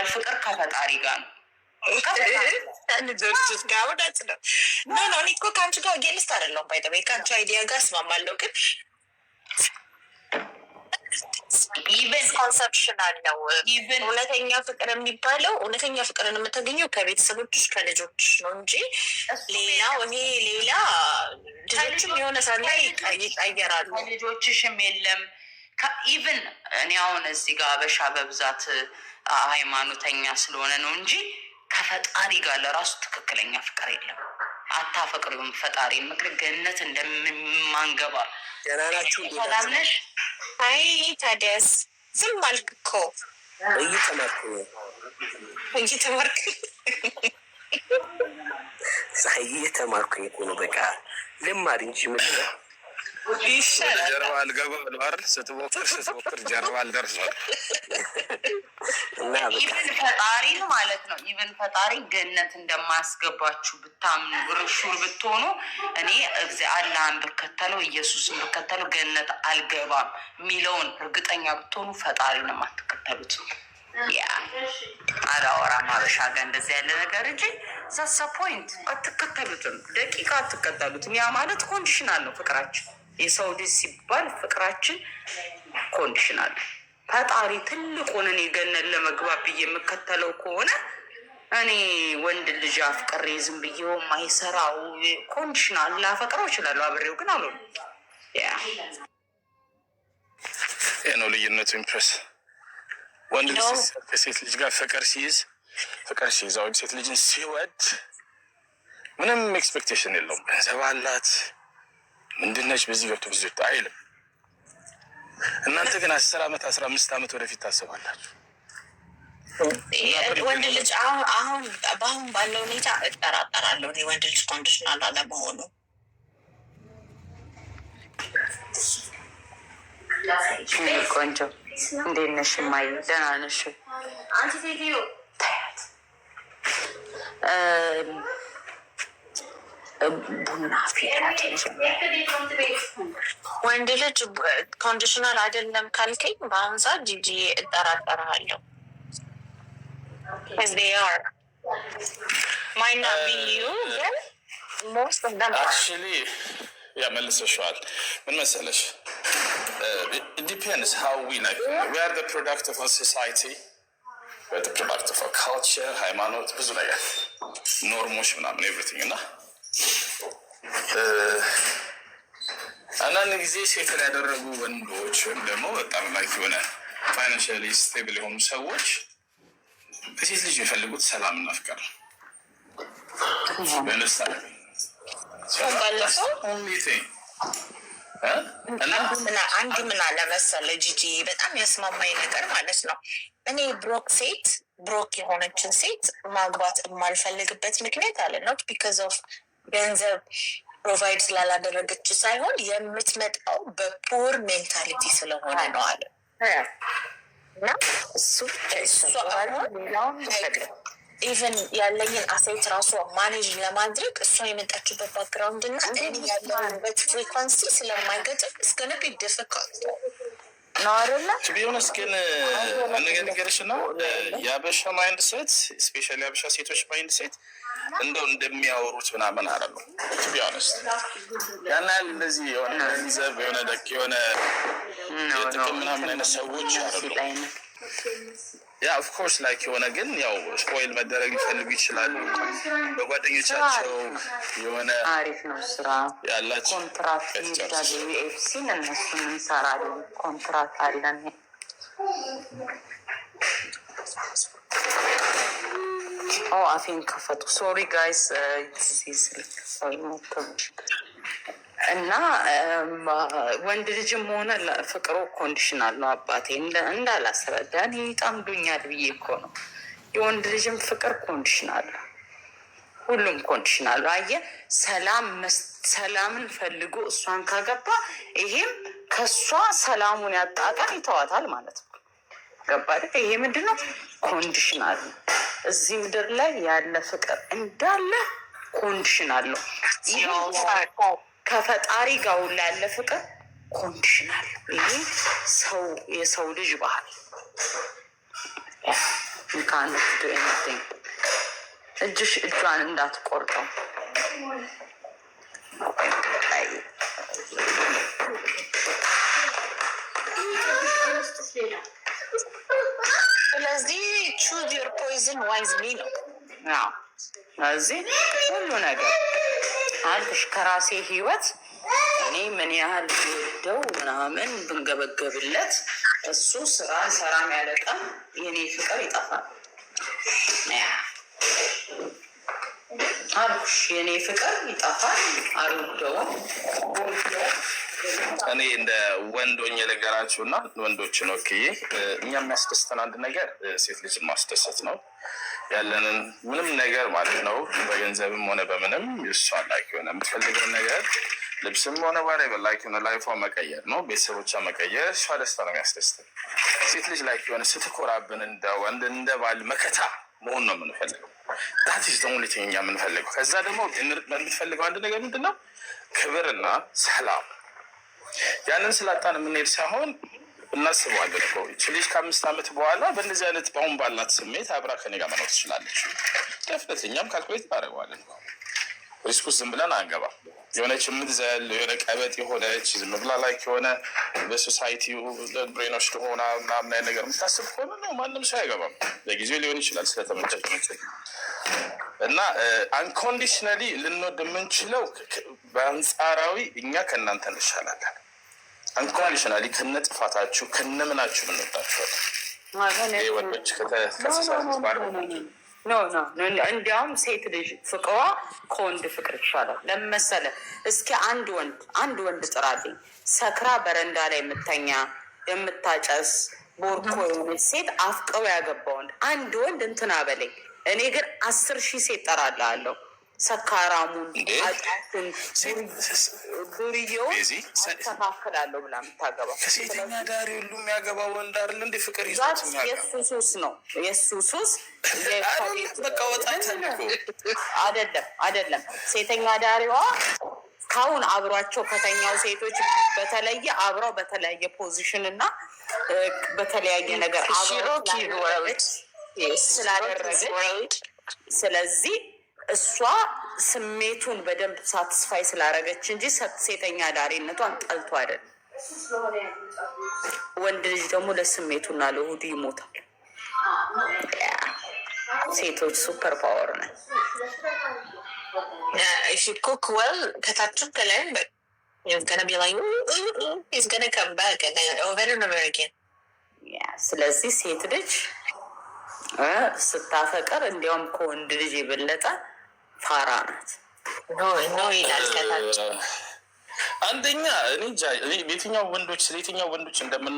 የሚባል ፍቅር ከፈጣሪ ጋር ነው። ልጆች ጋር እውነት ነው። ኖ ኖ እኔ እኮ ከአንቺ ጋር ጌልስት አይደለሁም። ከአንቺ አይዲያ ጋር እስማማለሁ ግን ኢቨን እውነተኛ ፍቅር የሚባለው እውነተኛ ፍቅርን የምታገኘው ከቤተሰቦችሽ ከልጆች ነው እንጂ ሌላ ይሄ ሌላ ልጆችም የሆነ ሰዓት ላይ ይቀየራሉ። የለም ኢቨን እኔ አሁን እዚህ ጋር አበሻ በብዛት ሃይማኖተኛ ስለሆነ ነው እንጂ ከፈጣሪ ጋር ለራሱ ትክክለኛ ፍቅር የለም። አታፈቅሩም ፈጣሪ ምክር ገነት እንደማንገባ ሰላም አይ ታዲያስ ዝም አልክ እኮ እየተማርኩ ነው እየተማርክ እየተማርኩ ነው። በቃ ልማር እንጂ ምንድነው ጀርባ አልገባ ብሏል። ስትሞክር ስትሞክር ጀርባ አልደርሷል። ኢብን ፈጣሪ ማለት ነው። ኢቨን ፈጣሪ ገነት እንደማያስገባችሁ ብታምኑ ርሹር ብትሆኑ እኔ አላህን ብከተለው ኢየሱስን ብከተለው ገነት አልገባም የሚለውን እርግጠኛ ብትሆኑ ፈጣሪን አትከተሉት። ያ አላወራ ማበሻ ጋር እንደዚህ ያለ ነገር እንጂ ዛሳ ፖይንት አትከተሉትም። ደቂቃ አትከተሉትም። ያ ማለት ኮንዲሽን አለው ፍቅራችን የሰው ልጅ ሲባል ፍቅራችን ኮንዲሽናል ፈጣሪ ትልቁን እኔ ገነት ለመግባት ብዬ የምከተለው ከሆነ እኔ ወንድ ልጅ አፍቅሬ ዝም ብዬው ማይሰራው ኮንዲሽናል ላፈቅረው እችላለሁ። አብሬው ግን አሉ ነው ልዩነቱ። ኢምፕረስ ወንድ ልጅ ሴት ልጅ ጋር ፍቅር ሲይዝ ፍቅር ሲይዝ ሴት ልጅን ሲወድ ምንም ኤክስፔክቴሽን የለውም። ገንዘብ አላት ምንድነች በዚህ ገብቶ ጊዜ አይልም። እናንተ ግን አስር ዓመት አስራ አምስት ዓመት ወደፊት ታስባላችሁ። ወንድ ልጅ አሁን በአሁን ባለው ሁኔታ እጠራጠራለሁ ወንድ ልጅ ኮንዲሽናል አለመሆኑ ቆንጆ እንዴት ነሽ ማይ? ደህና ነሽ? ሴትዮ ቡና ፊላት ወንድ ልጅ ኮንዲሽናል አይደለም ካልከኝ በአሁን ሰዓት ጂጂ እጠራጠርሃለሁ። ያመልሰሸዋል። ምን መሰለሽ ዲፔንድስ ሃው ዊ ላይክ ዊ አር ፕሮዳክት ኦፍ ሶሳይቲ ፕሮዳክት ኦፍ ካልቸር ሃይማኖት፣ ብዙ ነገር ኖርሞች ምናምን ኤቭሪቲንግ እና አንዳንድ ጊዜ ሴትል ያደረጉ ወንዶች ወይም ደግሞ በጣም ላይክ የሆነ ፋይናንሽሊ ስቴብል የሆኑ ሰዎች በሴት ልጅ የፈልጉት ሰላም እና ፍቅር አንድ ምን አለ መሰለ ጂጂ በጣም ያስማማኝ ነገር ማለት ነው። እኔ ብሮክ ሴት ብሮክ የሆነችን ሴት ማግባት የማልፈልግበት ምክንያት አለ ኖት ቢካዝ ኦፍ ገንዘብ ፕሮቫይድ ስላላደረገች ሳይሆን የምትመጣው በፑር ሜንታሊቲ ስለሆነ ነው አለ እና እሱ ኢቨን ያለኝን አሴት ራሱ ማኔጅ ለማድረግ እሷ የመጣችበት ባክግራውንድ እና ያለበት ፍሪኳንሲ ስለማይገጥም እስከነቢ ዲፊካልት ነው አይደለ? ግን ነገርሽ ነው የአበሻ ማይንድ ሴት ስፔሻሊ የአበሻ ሴቶች ማይንድ ሴት እንደው እንደሚያወሩት ምናምን አለ ቱ ቢ ያን ያህል እንደዚህ የሆነ ገንዘብ የሆነ ደክ የሆነ የጥቅም ምናምን አይነት ሰዎች አሉ። ያ ኦፍኮርስ ላይክ የሆነ ግን ያው ስፖይል መደረግ ሊፈልጉ ይችላሉ። በጓደኞቻቸው የሆነ አሪፍ ነው ስራ ያላቸው ኮንትራት ኤፍሲን እነሱ እንሰራለን። ኮንትራት አለን። አፌን ከፈቱ። ሶሪ ጋይስ ሞተ እና ወንድ ልጅም ሆነ ፍቅሮ ኮንዲሽናል ነው። አባቴ እንዳላስረዳን እኔ ይጠምዱኛል ብዬ እኮ ነው። የወንድ ልጅም ፍቅር ኮንዲሽናል ነው። ሁሉም ኮንዲሽናል ነው። አየህ፣ ሰላምን ፈልጎ እሷን ካገባ ይሄም ከእሷ ሰላሙን ያጣጣል ይተዋታል ማለት ነው። ገባ ይሄ ምንድን ነው? ኮንዲሽናል ነው። እዚህ ምድር ላይ ያለ ፍቅር እንዳለ ኮንዲሽናል ነው። ከፈጣሪ ጋር ሁላ ያለ ፍቅር ኮንዲሽናል። ይሄ ሰው የሰው ልጅ ባህል እጅሽ እጇን እንዳትቆርጠው ስለዚህ ቹዝ ዮር ፖይዝን ዋይዝሊ ነው። ስለዚህ ሁሉ ነገር አልሽ ከራሴ ህይወት እኔ ምን ያህል ወደው ምናምን ብንገበገብለት እሱ ስራ ሰራም ያለቀ የኔ ፍቅር ይጠፋል አልኩሽ። የኔ ፍቅር ይጠፋል። አልወደውም። እኔ እንደ ወንዶኝ ልገራችሁ እና ወንዶችን ወክዬ እኛ የሚያስደስተን አንድ ነገር ሴት ልጅ ማስደሰት ነው። ያለንን ምንም ነገር ማለት ነው። በገንዘብም ሆነ በምንም የእሷን ላይክ ሆነ የምትፈልገውን ነገር ልብስም ሆነ ባላይ በላኪ ሆነ ላይፏ መቀየር ነው፣ ቤተሰቦቿ መቀየር፣ እሷ ደስታ ነው የሚያስደስትን። ሴት ልጅ ላይክ ሆነ ስትኮራብን እንደ ወንድ እንደ ባል መከታ መሆን ነው የምንፈልገው። ዳትስ ደሞሌተኛ የምንፈልገው ከዛ ደግሞ የምትፈልገው አንድ ነገር ምንድን ነው? ክብርና ሰላም። ያንን ስላጣን የምንሄድ ሳይሆን እናስበዋለን እኮ ይች ልጅ ከአምስት ዓመት በኋላ በእንደዚህ አይነት በአሁን ባላት ስሜት አብራ ከኔ ጋር መኖር ትችላለች። ደፍነት እኛም ካልኩሌት እናደርገዋለን። ሪስኩ ዝም ብለን አንገባም። የሆነች የምትዘል የሆነ ቀበጥ የሆነች ዝም ብላ ላይክ የሆነ በሶሳይቲ ብሬኖች ደሆና ምናምን ዓይነት ነገር የምታስብ ከሆነ ነው ማንም ሰው አይገባም። ለጊዜው ሊሆን ይችላል ስለተመቻች እና አንኮንዲሽናሊ ልንወድ የምንችለው በአንጻራዊ እኛ ከእናንተ እንሻላለን አንኮንዲሽናሊ ከነ ጥፋታችሁ ከነ ምናችሁ ብንወዳችኋለን። እንዲያውም ሴት ልጅ ፍቅሯ ከወንድ ፍቅር ይሻላል። ለመሰለ እስኪ አንድ ወንድ አንድ ወንድ ጥራልኝ፣ ሰክራ በረንዳ ላይ የምተኛ የምታጨስ ቦርኮ የሆነች ሴት አፍቀው ያገባ ወንድ አንድ ወንድ እንትና በለኝ። እኔ ግን አስር ሺህ ሴት ጠራላለሁ። ሰካራሙን አጣትን አስተካክላለሁ ብላ የምታገባው ከሴተኛ ዳር ሁሉ ወንድ አይደል እንደ ፍቅር ይዞት የሱ ሱስ ነው። የሱ ሱስ በቃ ወጣት አይደለም አይደለም። ሴተኛ ዳሪዋ ካሁን አብሯቸው ከተኛው ሴቶች በተለየ አብረው በተለያየ ፖዚሽን እና በተለያየ ነገር አብረው ስለዚህ እሷ ስሜቱን በደንብ ሳትስፋይ ስላረገች እንጂ ሴተኛ ዳሪነቷን ጠልቶ አይደል። ወንድ ልጅ ደግሞ ለስሜቱና ለሁዱ ይሞታል። ሴቶች ሱፐር ፓወር ነን። ኩክ ከላይም ስለዚህ ሴት ልጅ ስታፈቅር እንዲያውም ከወንድ ልጅ የበለጠ ፋራ ናት ነው ይላል ከታች አንደኛ እኔ የትኛው ወንዶች ስለየትኛው ወንዶች እንደምን